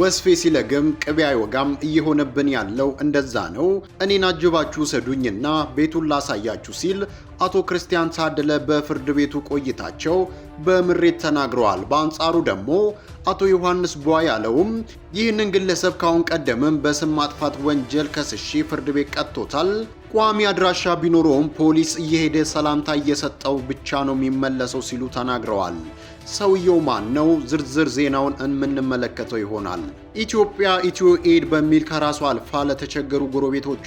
ወስፌ ሲለግም ቅቤ አይወጋም እየሆነብን ያለው እንደዛ ነው። እኔን አጅባችሁ ሰዱኝና ቤቱን ላሳያችሁ ሲል አቶ ክርስቲያን ታደለ በፍርድ ቤቱ ቆይታቸው በምሬት ተናግረዋል። በአንጻሩ ደግሞ አቶ ዮሐንስ ቧ ያለውም ይህንን ግለሰብ ካሁን ቀደምም በስም ማጥፋት ወንጀል ከስሺ ፍርድ ቤት ቀጥቶታል። ቋሚ አድራሻ ቢኖረውም ፖሊስ እየሄደ ሰላምታ እየሰጠው ብቻ ነው የሚመለሰው ሲሉ ተናግረዋል። ሰውየው ማን ነው? ዝርዝር ዜናውን የምንመለከተው ይሆናል። ኢትዮጵያ ኢትዮ ኤድ በሚል ከራሷ አልፋ ለተቸገሩ ጎረቤቶቿ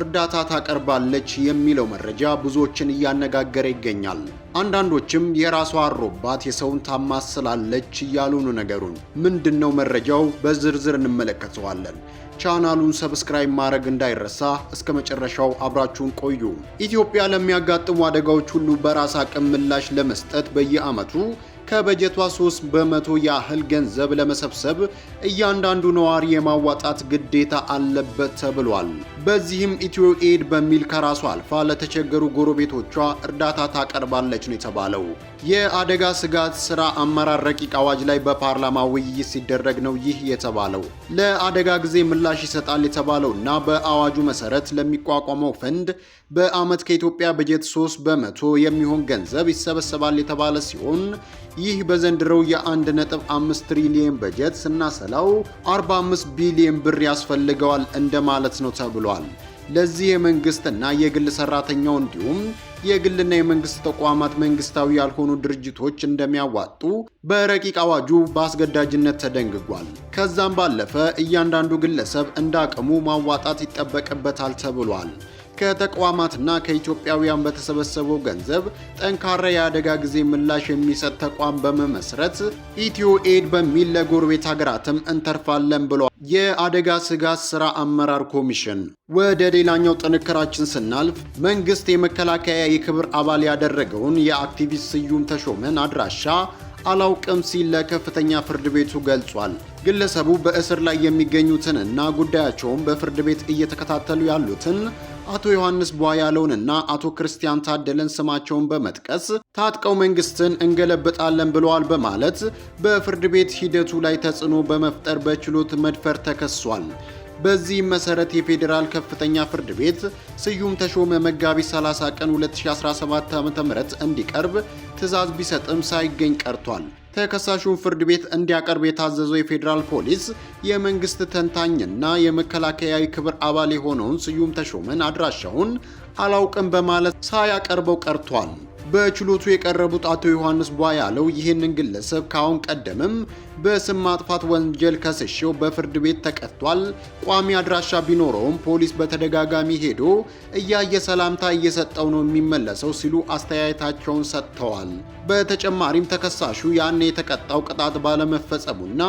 እርዳታ ታቀርባለች የሚለው መረጃ ብዙዎችን እያነጋገረ ይገኛል። አንዳንዶችም የራሷ አሮባት የሰውን ታማስላለች እያሉኑ ነገሩን። ምንድን ነው መረጃው? በዝርዝር እንመለከተዋለን። ቻናሉን ሰብስክራይብ ማድረግ እንዳይረሳ፣ እስከ መጨረሻው አብራችሁን ቆዩ። ኢትዮጵያ ለሚያጋጥሙ አደጋዎች ሁሉ በራስ አቅም ምላሽ ለመስጠት በየዓመቱ ከበጀቷ 3 በመቶ ያህል ገንዘብ ለመሰብሰብ እያንዳንዱ ነዋሪ የማዋጣት ግዴታ አለበት ተብሏል። በዚህም ኢትዮ ኤድ በሚል ከራሷ አልፋ ለተቸገሩ ጎረቤቶቿ እርዳታ ታቀርባለች ነው የተባለው። የአደጋ ስጋት ስራ አመራር ረቂቅ አዋጅ ላይ በፓርላማ ውይይት ሲደረግ ነው ይህ የተባለው። ለአደጋ ጊዜ ምላሽ ይሰጣል የተባለው እና በአዋጁ መሰረት ለሚቋቋመው ፈንድ በአመት ከኢትዮጵያ በጀት 3 በመቶ የሚሆን ገንዘብ ይሰበሰባል የተባለ ሲሆን ይህ በዘንድሮው የ1.5 ትሪሊየን በጀት ስናሰላው 45 ቢሊየን ብር ያስፈልገዋል እንደማለት ነው ተብሏል። ለዚህ የመንግስትና የግል ሰራተኛው እንዲሁም የግልና የመንግስት ተቋማት መንግስታዊ ያልሆኑ ድርጅቶች እንደሚያዋጡ በረቂቅ አዋጁ በአስገዳጅነት ተደንግጓል። ከዛም ባለፈ እያንዳንዱ ግለሰብ እንደ አቅሙ ማዋጣት ይጠበቅበታል ተብሏል። ከተቋማትና ከኢትዮጵያውያን በተሰበሰበው ገንዘብ ጠንካራ የአደጋ ጊዜ ምላሽ የሚሰጥ ተቋም በመመስረት ኢትዮ ኤድ በሚል ለጎረቤት ሀገራትም እንተርፋለን ብሏል የአደጋ ስጋት ስራ አመራር ኮሚሽን። ወደ ሌላኛው ጥንክራችን ስናልፍ መንግስት የመከላከያ የክብር አባል ያደረገውን የአክቲቪስት ስዩም ተሾመን አድራሻ አላውቅም ሲል ለከፍተኛ ፍርድ ቤቱ ገልጿል። ግለሰቡ በእስር ላይ የሚገኙትንና ጉዳያቸውን በፍርድ ቤት እየተከታተሉ ያሉትን አቶ ዮሐንስ ቧያለውንና አቶ ክርስቲያን ታደለን ስማቸውን በመጥቀስ ታጥቀው መንግስትን እንገለብጣለን ብለዋል በማለት በፍርድ ቤት ሂደቱ ላይ ተጽዕኖ በመፍጠር በችሎት መድፈር ተከሷል። በዚህም መሰረት የፌዴራል ከፍተኛ ፍርድ ቤት ስዩም ተሾመ መጋቢት 30 ቀን 2017 ዓ.ም እንዲቀርብ ትዕዛዝ ቢሰጥም ሳይገኝ ቀርቷል። ተከሳሹን ፍርድ ቤት እንዲያቀርብ የታዘዘው የፌዴራል ፖሊስ የመንግስት ተንታኝና የመከላከያዊ ክብር አባል የሆነውን ስዩም ተሾመን አድራሻውን አላውቅም በማለት ሳያቀርበው ቀርቷል። በችሎቱ የቀረቡት አቶ ዮሐንስ ቧ ያለው ይህንን ግለሰብ ከአሁን ቀደምም በስም ማጥፋት ወንጀል ከስሼው በፍርድ ቤት ተቀጥቷል። ቋሚ አድራሻ ቢኖረውም ፖሊስ በተደጋጋሚ ሄዶ እያየ ሰላምታ እየሰጠው ነው የሚመለሰው ሲሉ አስተያየታቸውን ሰጥተዋል። በተጨማሪም ተከሳሹ ያኔ የተቀጣው ቅጣት ባለመፈጸሙና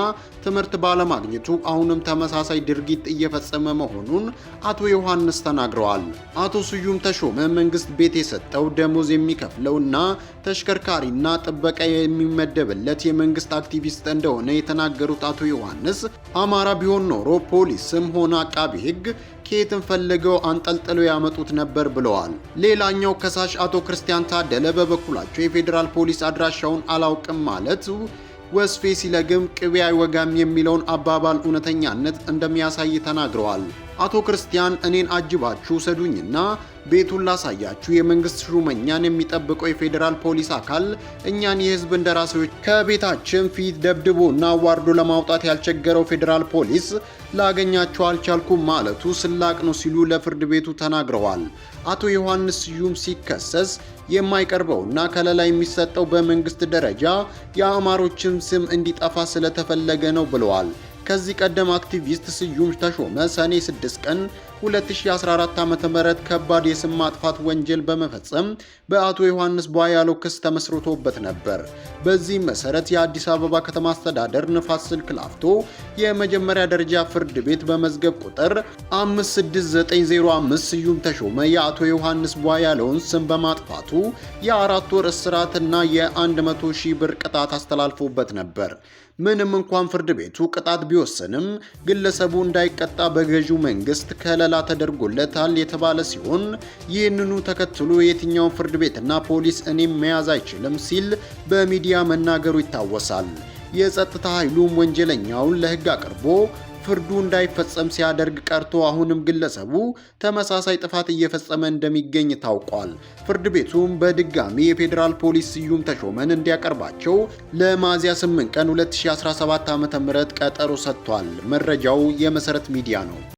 ትምህርት ባለማግኘቱ አሁንም ተመሳሳይ ድርጊት እየፈጸመ መሆኑን አቶ ዮሐንስ ተናግረዋል። አቶ ስዩም ተሾመ መንግስት ቤት የሰጠው ደሞዝ የሚከፍለው እና ተሽከርካሪና ጥበቃ የሚመደብለት የመንግስት አክቲቪስት እንደው እንደሆነ የተናገሩት አቶ ዮሐንስ አማራ ቢሆን ኖሮ ፖሊስም ሆነ አቃቢ ሕግ ከየትን ፈልገው አንጠልጥለው ያመጡት ነበር ብለዋል። ሌላኛው ከሳሽ አቶ ክርስቲያን ታደለ በበኩላቸው የፌዴራል ፖሊስ አድራሻውን አላውቅም ማለት ወስፌ ሲለግም ቅቤ አይወጋም የሚለውን አባባል እውነተኛነት እንደሚያሳይ ተናግረዋል። አቶ ክርስቲያን እኔን አጅባችሁ ሰዱኝና ቤቱን ላሳያችሁ፣ የመንግስት ሹመኛን የሚጠብቀው የፌዴራል ፖሊስ አካል እኛን የህዝብ እንደራሴዎች ከቤታችን ፊት ደብድቦና አዋርዶ ለማውጣት ያልቸገረው ፌዴራል ፖሊስ ላገኛችሁ አልቻልኩም ማለቱ ስላቅ ነው ሲሉ ለፍርድ ቤቱ ተናግረዋል። አቶ ዮሐንስ ስዩም ሲከሰስ የማይቀርበውና ከለላ የሚሰጠው በመንግስት ደረጃ የአማሮችም ስም እንዲጠፋ ስለተፈለገ ነው ብለዋል። ከዚህ ቀደም አክቲቪስት ስዩም ተሾመ ሰኔ 6 ቀን 2014 ዓ.ም ከባድ የስም ማጥፋት ወንጀል በመፈጸም በአቶ ዮሐንስ ቧያለው ክስ ተመስርቶበት ነበር። በዚህ መሰረት የአዲስ አበባ ከተማ አስተዳደር ንፋስ ስልክ ላፍቶ የመጀመሪያ ደረጃ ፍርድ ቤት በመዝገብ ቁጥር 56905 ስዩም ተሾመ የአቶ ዮሐንስ ቧያለውን ስም በማጥፋቱ የአራት ወር እስራትና የ100 ሺህ ብር ቅጣት አስተላልፎበት ነበር። ምንም እንኳን ፍርድ ቤቱ ቅጣት ቢወስንም ግለሰቡ እንዳይቀጣ በገዢው መንግስት ከለላ ክልከላ ተደርጎለታል የተባለ ሲሆን ይህንኑ ተከትሎ የትኛውን ፍርድ ቤትና ፖሊስ እኔም መያዝ አይችልም ሲል በሚዲያ መናገሩ ይታወሳል። የጸጥታ ኃይሉም ወንጀለኛውን ለሕግ አቅርቦ ፍርዱ እንዳይፈጸም ሲያደርግ ቀርቶ አሁንም ግለሰቡ ተመሳሳይ ጥፋት እየፈጸመ እንደሚገኝ ታውቋል። ፍርድ ቤቱም በድጋሚ የፌዴራል ፖሊስ ስዩም ተሾመን እንዲያቀርባቸው ለሚያዝያ 8 ቀን 2017 ዓ.ም ቀጠሮ ሰጥቷል። መረጃው የመሰረት ሚዲያ ነው።